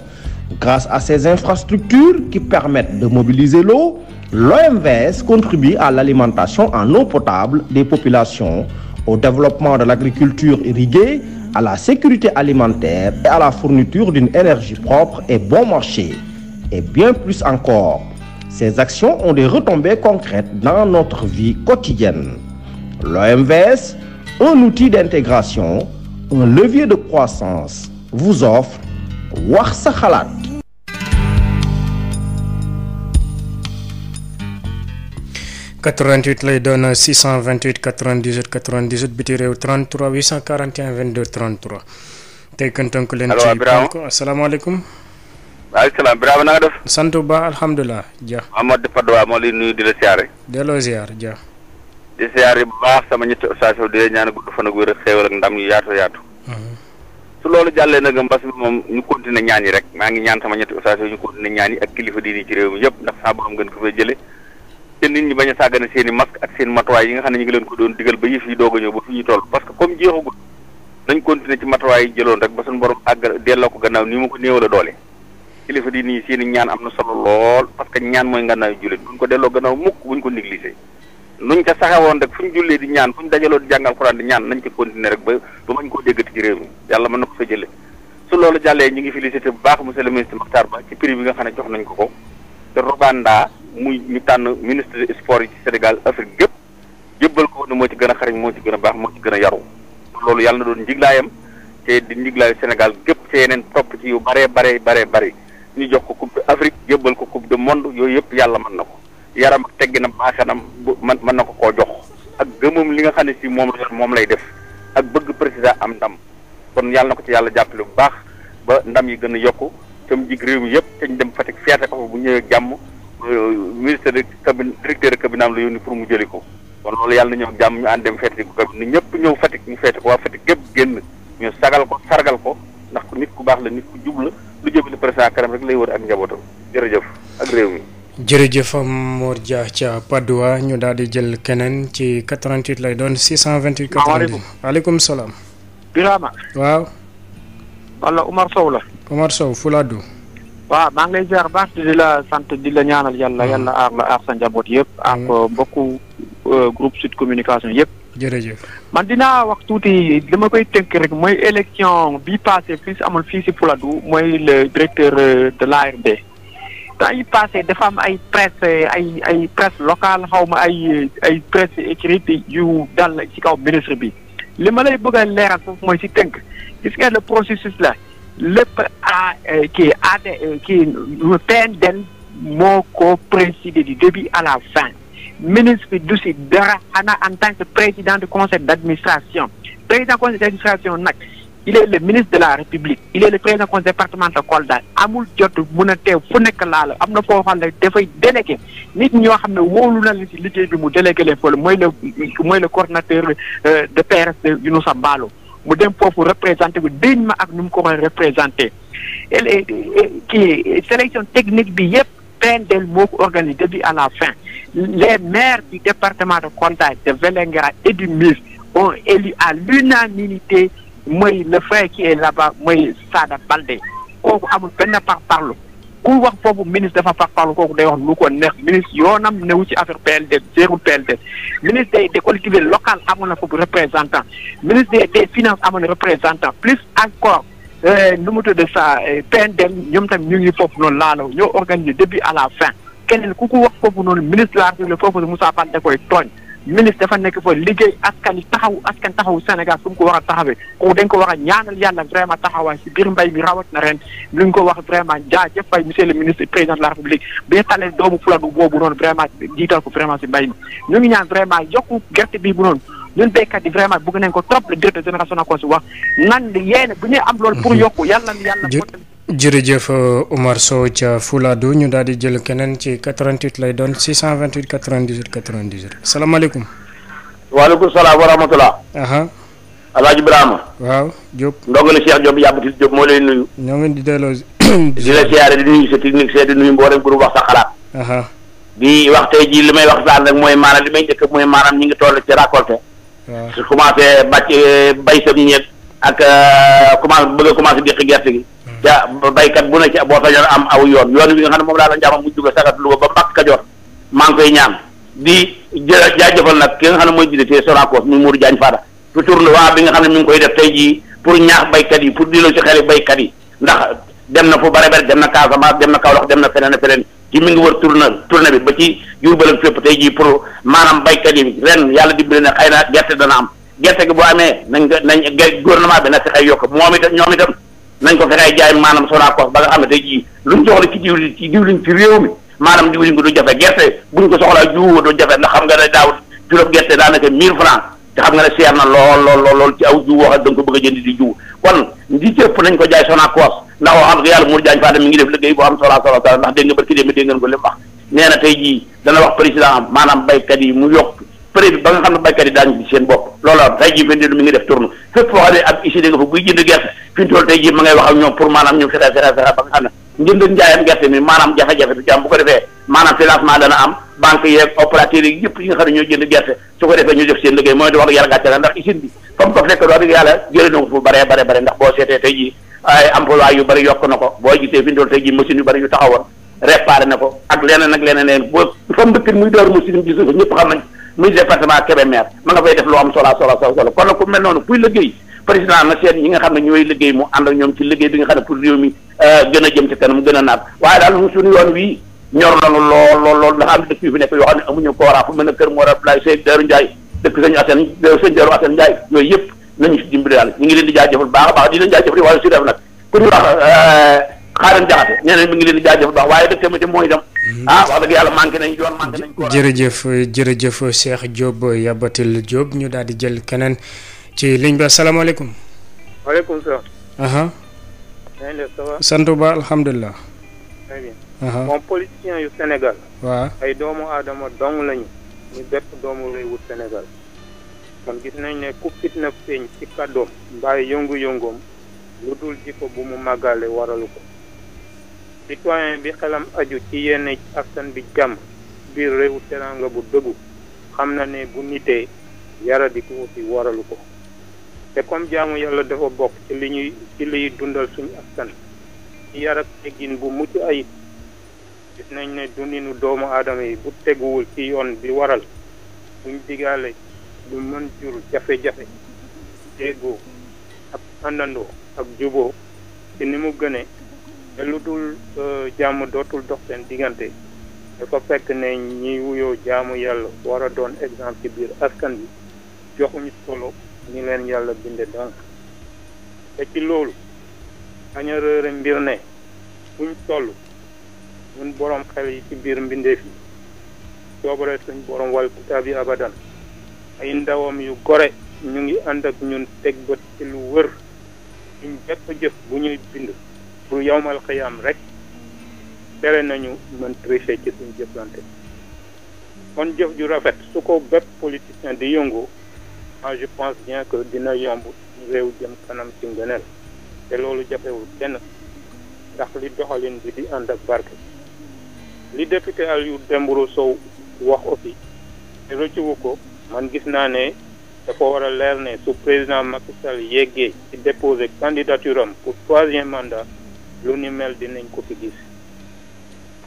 Grâce à ces infrastructures qui permettent de mobiliser l'eau, l'OMVS contribue à l'alimentation en eau potable des populations, au développement de l'agriculture irriguée, à la sécurité alimentaire et à la fourniture d'une énergie propre et bon marché. Et bien plus encore, ces actions ont des retombées concrètes dans notre vie quotidienne. L'OMVS, un outil d'intégration, un levier de croissance, vous offre wax sa xalaat. quatre-vingt-huit lay doon 628 98 98 biti réew 33 841 22 33 tey kan tënk leen. allo Birame ci asalaamaaleykum. waaleykum salaam Birame na def. sant bu baax alhamdulilah. Dia. Amadou Padoa moo lay nuyu di la siyaare. delloo ziar Dia. di siyaare bu baax sama ñetti station di leen ñaan gudd fan ak wér xéewal ak ndam yu yaatu yaatu. su loolu jàllee nag mbas bi moom ñu continuer ñaan yi rek maa ngi ñaan sama ñetti ustaas yi ñu continuer ñaan yi ak kilifa diini ci réew mi yëpp ndax saa borom gën ko fay jëlee te nit ñi bañ a sàggane seen i masque ak seen matuwaay yi nga xam ne ñu ngi ko doon digal ba yëf yi doog a ñëw ba fi ñu toll parce que comme jeexagul nañ continuer ci matuwaay jëloon rek ba suñu borom àgg delloo ko gannaaw ni mu ko néew la doole kilifa diini yi seen i ñaan am na solo lool parce que ñaan mooy ngannaaw jullit buñ ko delloo gannaaw mukk buñ ko négliger nuñ ca saxe woon rek fu ñu jullee di ñaan fu ñu dajaloo di jàng alxuraan di ñaan nañ ca continuer rek ba ba mañ koo déggati ci réew mi yàlla mën ngi félicité bu baax monsieur le ministre ko ko te ñu tànn ministre des sports ci Sénégal Afrique gépp jébbal ko ne moo ci gën a xarañ moo ci gën a baax moo gën a yaru loolu yàlla na doon njiglaayam te di njiglaayu Sénégal gépp te yeneen topp ci yu bare bare bare jox ko coupe d'Afrique jébbal ko coupe du monde yooyu yëpp yàlla mën na ko yaram ak tegginam aasanam bu man mën na ko koo jox ak gëmam li nga xam ne si moom moom lay def ak bëgg président am ndam kon yàlla na ko ci yàlla jàppale bu baax ba ndam yi gën a yokku te mu jig réew mi yëpp te dem Fatick feete ko fa bu ñëwee jàmm euh, ministre de cabinet directeur de cabinet am la yónni pour mu jëli ko kon loolu yàlla na ñëw jàmm ñu ànd dem feete ko cabinet ñëpp ñëw Fatick ñu feete ko waa Fatick gépp génn ñu sagal ko sargal ko ndax nit ku baax la nit ku jub la lu jëmale président kanam rek lay wër ak njabootam jërëjëf ak mi jërëjëf a Dia ca Padoa ñu daal di jël keneen ci 88 lay doon 628. maaleykum maaleykum salaam. Birama. waaw. walla Umar Sow la. Umar Sow Fuladu. waaw maa ngi lay baax la sant di la ñaanal yàlla hmm. yàlla aar la aar sa njaboot yëpp. Hmm. ak mbokku euh, groupe Sud Communication yëpp. jërëjëf. man dinaa wax tuuti dama koy tënk rek mooy élection bi passé fii si amul fii si Fuladu mooy le directeur euh, de l'ARD. temps yi passé dafa am ay presse ay ay presse locale xaw ma ay ay presse écrite yu dal ci kaw ministre bi li ma lay bëgg a leeral foofu mooy ci tënk gis nga le processus la lépp a euh, kii ad euh, kii PNDL moo ko présider du début à la fin ministre bi du si dara en tant que président du conseil d'administration président conseil d'administration nag il est le ministre de la république il est le président conseil départemental Kolda amul jot mun a teew fu nekk laa am na foo xam ne dafay délégué nit ñoo xam ne wóolu na la si liggéey bi mu délégué leen fële mooy le mooy le coordonnateur euh, de PRS de Younoussa Mballo mu dem foofu représenté ko déñ ma ak nu mu ko war a représenté kii euh, sélection technique bi yëpp PNDL moo ko organisé bi à la fin les maires du département de Kolda de mooy le frère qui est là-bas mooy Sada Baldé kooku amul benn par parlu ku wax foofu ministre dafa par parlu kooku day wax lu ko neex ministre yoonam newu ci affaire PLD gérul PLD ministre des des collectivités locales amoon na foofu représentant ministre des finance amoon na représentant plus encore euh, nu mu tudd sa euh, PNDM ñoom tam ñu ngi foofu noonu laalaw ñoo organiser début à la fin keneen ku ko wax foofu noonu ministre de la République foofu Moussa Baldé koy tooñ ministre dafa nekk fa liggéey askan taxaw askan taxawu Sénégal fu mu ko war a taxawee kooku dañ ko war a ñaanal yàlla vraiment taxawaay si biir mbay mi rawat na ren ko wax vraiment jaajëf fay monsieur le ministre président de la république bi ñu xalee doomu Fuladu boobu noonu vraiment jiital ko vraiment si mbay mi ñu ngi ñaan vraiment yokku gerte bi bu noonu ñun béykat yi vraiment bëgg nañ ko trop le na ko Sonacos wax nan yéen bu ñuy am loolu pour mhm. yokku yàlla yàlla jërëjëf Omar Sow ca Fuladu ñu daal di jël keneen ci 88 lay doon 628 98 98 salaamaaleykum. waaleykum salaam wa rahmatulah. Alaaji Birama. waaw Diop. ndongole Cheikh Diop yàbbati Diop moo lay nuyu. ñoo ngi di delloo. <coughs> di la siyaare di nuyu sa technique seet di nuyu mboolem pour wax sa xalaat. di wax tey jii li may waxtaan rek mooy maanaam li may njëkk mooy maanaam ñi ngi toll ci récolté. waaw su commencé bàcc eh, bay ak euh, commencé bëgg a commencé deqi gerte gi. ca baykat bu ne ci boo am aw yoon yoon wi nga xam ne moom laa la njaaxam mu jóge sagat Louga ba Mbàkke Kajoor maa ngi koy ñaan di jë jaajëfal nag ki nga xam ne mooy jiite te Sonacos muy Mourou Diagne Fada tourne waa bi nga xam ne mi ngi koy def tey jii pour ñaax baykat yi pour dilo ci xeli baykat yi ndax dem na fu bare bare dem na Casamance dem na Kaolack dem na feneen feneen ci mi ngi wër tourne tourne bi ba ci Jurbel ak fépp tey jii pour maanaam baykat yi ren yàlla di na xay na gerte dana am gerte gi boo amee nañ nañ gouvernement bi na fexey yokk moom itam ñoom itam nañ ko fexe ay jaay maanaam Sonacos ba nga xam ne tey jii luñ soxla ci diwlin ci diwlin ci réew mi maanaam diwlin ko du jafe gerte buñ ko soxlaa jiwu du jafe ndax xam nga ne daaw juróom gerte daanaka mille francs te xam nga ne seer na lool lool lool ci aw jiwu wax da nga ko bëgg a jënd di jiwu kon li ci nañ ko jaay Sonacos ndax wax nga yàlla Mour Diagne Fada mi ngi def liggéey boo am solo solo ndax dégg nga barki démb dégg ko li mu tey jii dana wax président maanaam baykat yi mu yokk prix bi ba nga xam ne baykat yi daañu ci seen bopp loolu am tey jii fi mu ngi def tourne fépp foo xam ne ab usine nga fa mu ko defee maanaam xam ne di yàlla jëlee na ko bare bare bare ndax boo seetee tey jii ay emploi yu bari yokk na ko boo gisee fi mu toll tey jii machine yu bari yu taxawoon réparé na ko ak leneen ak leneen fa mu muy door machine bi gis ko ñëpp xam nañ muy département Kébémer ma nga fay def lu am solo solo solo kon nag ku mel noonu kuy liggéey président na seen ñi nga xam ne ñooy liggéey mu ànd ak ñoom ci liggéey bi nga xam ne pour réew mi euh, gën a jëm ci kanam gën a naat waaye daal suñu yoon wii ñor nañu lool lool lool ndax am dëkk yu fi nekk yoo xam ne amuñu ko waraaf mel ne Kër Mor Abdoulaye Seye Darou Ndiaye dëkk sëñ Assane euh, sëñ Darou Assane yooyu yëpp nañu si dimbali yàlla ñu ngi leen di jaajëfal baax a baax di leen euh, mi ngi leen di jaajëfal baax waaye dëkk tamit ah wax ko jërëjëf jërëjëf Cheikh Diop Yabatil Diop ñu daal di jël keneen ci liñ bi asalaamaaleykum. waaleykum salaam. sant ba alhamdulilah. moom politicien yu Sénégal. waaw ay doomu aadama dong lañu ñu bépp doomu réewu Sénégal. kon gis nañ ne ku fitna feeñ ci kàddoom. mbaa yëngu-yëngoom lu dul jikko bu mu màggale waralu ko. citoyen bi xelam aju ci yenn askan bi jàmm biir réewu teranga bu dëggu xam na ne bu nitee yara di ko aussi waralu ko te comme jaamu yàlla dafa bokk ci li ñuy ci liy dundal suñu askan ci yar ak teggin bu mucc ayib gis nañ ne dundinu doomu aadama yi bu teguwul ci yoon bi waral buñ digaale lu mën jur jafe-jafe déggoo ak àndandoo ak juboo te ni mu gënee te lu dul euh, jàmm dootul dox seen diggante dafa fekk ne ñi wuyoo jaamu yàlla war a doon exemple ci biir askan bi joxuñu solo ñu leen yàlla binde donc te ci loolu dañu réere mbir ne buñ toll ñun boroom xel yi ci biir mbindeef yi coobare suñ borom wal kitaab yi abadan ay ndawam yu gore ñu ngi ànd ak ñun teg bët ci lu wër suñ bépp jëf bu ñuy bind pour yowmal xiyaam rek tere nañu mën tricher ci suñu jëflante kon jëf ju rafet su ko bëpp politicien di yëngu moi je pense bien que dina yomb réew jëm kanam ci ngëneel te loolu jafewul kenn ndax li doxalin bi di ànd ak barke li député Aliou Dembourou Sow wax aussi te rëccuwu ko man gis naa ne dafa war a leer ne su président Macky Sall yeggee ci déposer candidature am pour troisième mandat lu ni mel dinañ ko fi gis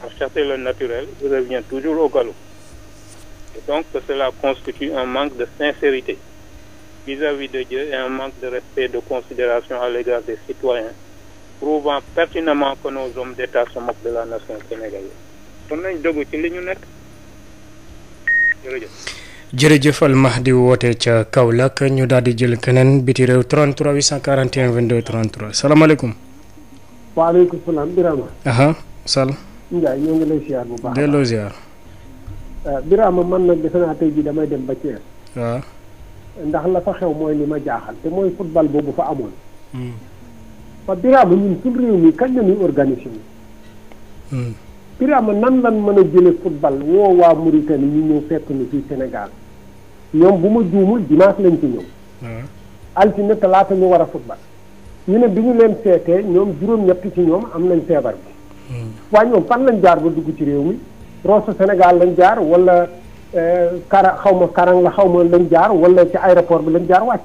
en chercher le naturel il revient toujours au galop et donc que cela constitue un manque de sincérité vis-à-vis de Dieu et un manque de respect de considération à l'égard des citoyens prouvant pertinemment que nos hommes d'État se moquent de la nation sénégalaise kon nañ dëgg ci li ñu nekk jërëjëf jërëjëf Almahdi woote ca Kaolack ñu daal di jël keneen biti réew 33 841 22 33 salaamaaleykum waaleykum salaam Birama. Sall. Ndiaye ñoo ngi lay ziar bu baax. delloo ziar. Euh, Birama man nag defe tey jii damay dem ba Thiès. ndax la fa xew mooy li ma jaaxal te mooy football boobu fa amoon. fa hmm. Birama ñun suñu réew mi kañ la ñuy organisé wu. Hmm. nan lan mën a jëlee football woo waa Mauritanie ñu ñëw fekk ñu fii Sénégal ñoom bu ma juumul dimanche lañ ci ñëw. altine talaata ñu war a football. ñu ne bi ñu leen seetee ñoom juróom ñett ci ñoom am nañ feebar bi. Hmm. waaye ñoom fan lañ jaar ba dugg ci réew mi Rosso Sénégal lañ jaar wala euh, kara xaw ma karang la xaw ma lañ jaar wala ci aéroport bi lañ jaar wàcc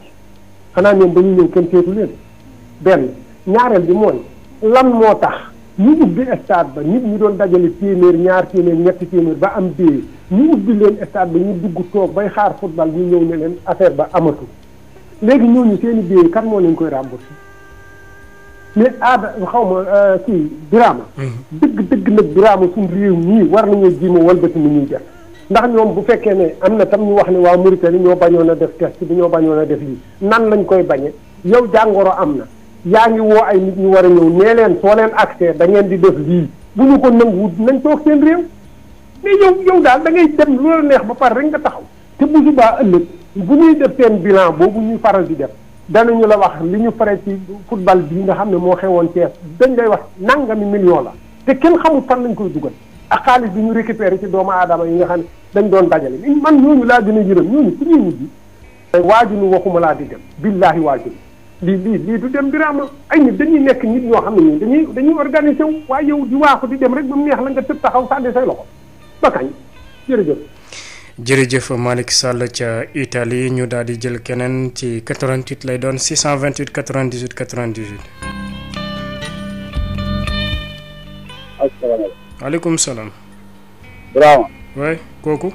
xanaa ñoom ba ñu ñëw kenn seetu leen benn ñaareel bi mooy lan moo tax ñu ubbi stade ba nit ñu doon dajale téeméer ñaar téeméer ñetti téeméer ba am bee ñu ubbi leen stade ba ñu dugg toog bay xaar football ñu ñëw ne leen affaire ba amatu léegi ñooñu seen i bee kan moo leen koy remboursé. mais aada xaw ma euh, kii Birama. Hmm. dëgg dëgg nag Birama suñu réew mii war nañoo gii ma walbati ni ñuy def ndax ñoom bu fekkee ne am na tam ñu wax ne waa Mauritanie ñoo bañoon a def test bu ñoo bañoon def lii nan lañ koy bañe yow jàngoro am na yaa ngi woo ay nit ñu war a ñëw nee leen soo leen accès da ngeen di def lii bu ñu ko nanguwut nañ toog seen réew mais yow yow daal da ngay dem lu la neex ba pare rek nga taxaw te bu subaa ëllëg bu ñuy def seen bilan boobu ñuy faral di def. ñu la wax li ñu pare ci football bii nga xam ne moo xewoon Thiès dañ lay wax nangami million la te kenn xamul fan lañ koy dugal ak xaalis bi ñu récupéré ci doomu aadama yi nga xam ne dañ doon dajale man ñooñu laa gën a yërëm ñooñu su ñuy mujj waajunu waxuma laa di dem billaahi waajunu lii lii lii du dem biraama ay nit dañuy nekk nit ñoo xam ne ñii dañuy dañuy organisé wu waaye yow di waaxu di dem rek ba mu neex la nga tëb taxaw sànni say loxo ba kañ jërëjëf jërëjëf Malick Sall ca Italie ñu daal di jël keneen ci 88 lay doon 628 98 98. asalaamaaleykum. waaleykum salaam. kooku.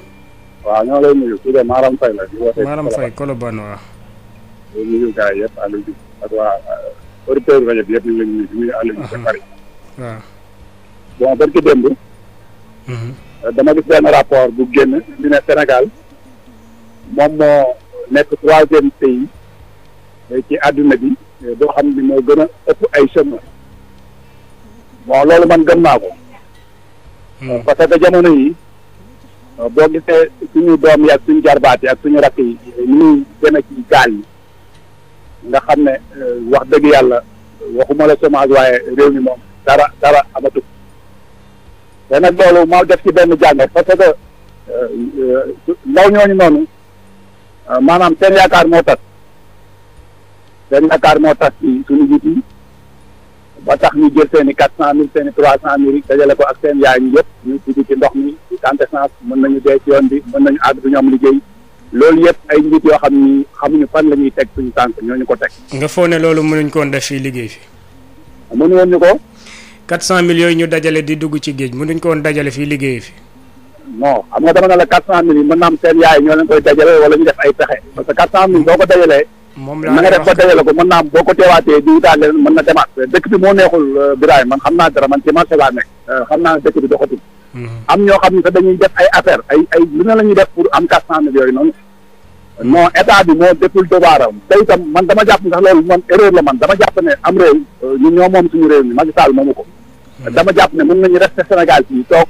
waaw lay nuyu kii de Maram Faye la. di wootee Maram Faye Colobane waaw. di nuyu gars yi yëpp Aliou waa euh, dama gis benn rapport bu génn ñu ne Sénégal moom moo nekk troisième pays ci àdduna bi boo xam ni moo gën a ëpp ay chômeurs bon loolu man gëm naa ko. Hmm. parce que jamono yi boo gisee suñu doom yi ak suñu jarbaat yi ak suñu rakk yi ñu ñuy gën a ci gaal yi nga xam ne euh, wax dëgg yàlla waxuma la chômage waaye réew mi moom dara dara amatul. te nag loolu ma def ci benn jàngat parce que euh, euh, ndaw ñooñu noonu euh, maanaam seen yaakaar moo tas seen yaakaar moo tas ci suñu njiit yi ba tax ñu jël seen i quatre cent mille seen i trois cent mille dajale ko ak seen yaay ñu yëpp ñu dugg ci ndox mi ci quintessence mën nañu dee ci yoon bi mën nañu àgg du ñoom liggéey loolu yëpp ay njiit yoo xam ni xamuñu fan la ñuy teg suñu tànk ñu ko teg. nga foog ne loolu mënuñ koon def fii liggéey fi. mënu woon ñu ko. 400 millions yi ñu dajale di dugg ci géej mënuñ ko woon dajale fii liggéey fi non xam nga dama la 400 millions mën na am seen ñoo leen koy dajale wala ñu def ay pexe parce que 400 millions boo ko dajalee. moom laa na nga naa am na demaat euh, naa dara man ci euh, naa dëkk bi doxatul. Mhm. am ñoo xam ne sax dañuy ay affaire ay ay lu la ñuy def pour am 400 millions yooyu noonu. non état bi moo deful dubaaram tey itam man dama jàpp sax loolu man erreur la man dama jàpp ne am réew euh, ñun ñoo moom suñu réew mi Macky Sall ko. dama jàpp ne mën nañu rester Sénégal fii toog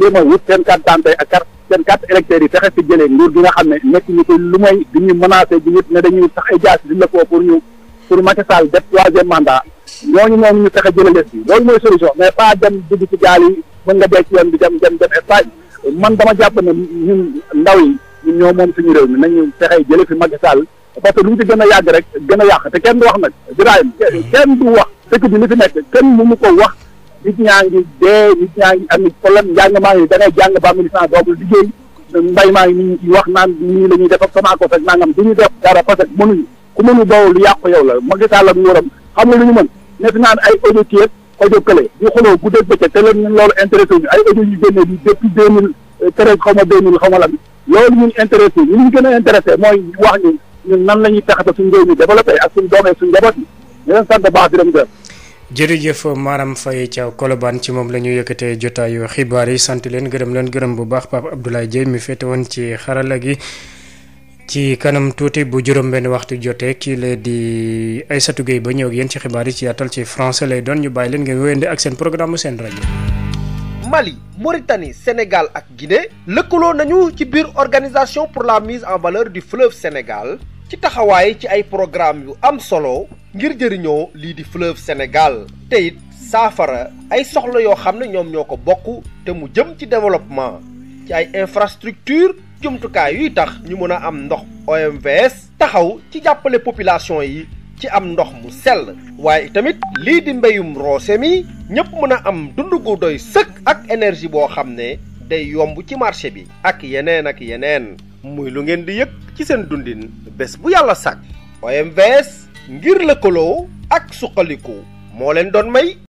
jéem a wut seen carte d'identité ak carte seen carte électeur yi fexe fi jëlee nguur gi nga xam ne nekk ñu ko lu may di ñu menacé di wut ne dañuy sax ay jaas di lëkkoo pour ñu pour Macky Sall def troisième mandat ñu fexe jëlee leen fii loolu mooy solution mais pas dem dugg ci gaal yi mën nga dem dem dem Espagne man dama jàpp ne ñun ndaw ñoo moom suñu réew mi nañu fexe jëlee fi Macky Sall parce lu ñu ci gën a yàgg rek gën a yàq te kenn du wax nag Birahim kenn du wax dëkk bi li fi nekk kenn mënu ko wax nit ñaa ngi dee nit ñaa ngi am problème njàng maa ngi da ngay jàng ba am licence doomu liggéey mbay maa ngi wax naan nii la ñuy def ak sama ko fekk nangam du ñu def dara parce que mënuñu ku mënu doow lu yàqu yow la Macky Sall ak nguuram xam nga lu ñu mën nekk naan ay audio kii audio kële ñu xuloo guddeeg bëccëg te leen ñun loolu intéressé wuñu ay audio yu génnee bi depuis deux mille euh, xaw ma deux xaw ma lan loolu ñun intéressé ñu ñu gën a intéressé mooy wax ñu ñun nan la ñuy fexe ba suñu réew mi développé ak suñu doomee suñu njaboot sant baax di dem jërëjëf Maram Faye Thiaw Colobane ci moom la ñu yëkkatee jotaayu xibaar yi sant leen gërëm leen gërëm bu baax Pape Abdoulaye Dieye mi féete woon ci xarala gi ci kanam tuuti bu juróom-benn waxtu jotee kii la di Aïssatou Gueye ba ñëw ak ci xibaar yi ci yaatal ci français lay doon ñu bàyyi leen ngeen wéyande ak seen programme seen rajo. Mali Mauritanie Sénégal ak Guinée lëkkaloo nañu ci biir organisation pour la mise en valeur du fleuve Sénégal. ci taxawaay ci ay programme yu am solo ngir jëriñoo lii di fleuve Sénégal te saafara ay soxla yoo xam ne ñoom ñoo ko bokk te mu jëm ci développement ci ay infrastructure jumtukaay yuy tax ñu mën a am ndox OMVS taxaw ci jàppale population yi ci am ndox mu sell waaye tamit lii di mbéyum roose mi ñépp mën a am dund gu doy sëkk ak énergie boo xam ne day yomb ci marché bi ak yeneen ak yeneen muy lu ngeen di yëg ci seen dundin bés bu yàlla sàkk. OMVS ngir lëkkaloo ak suqaliku moo leen doon may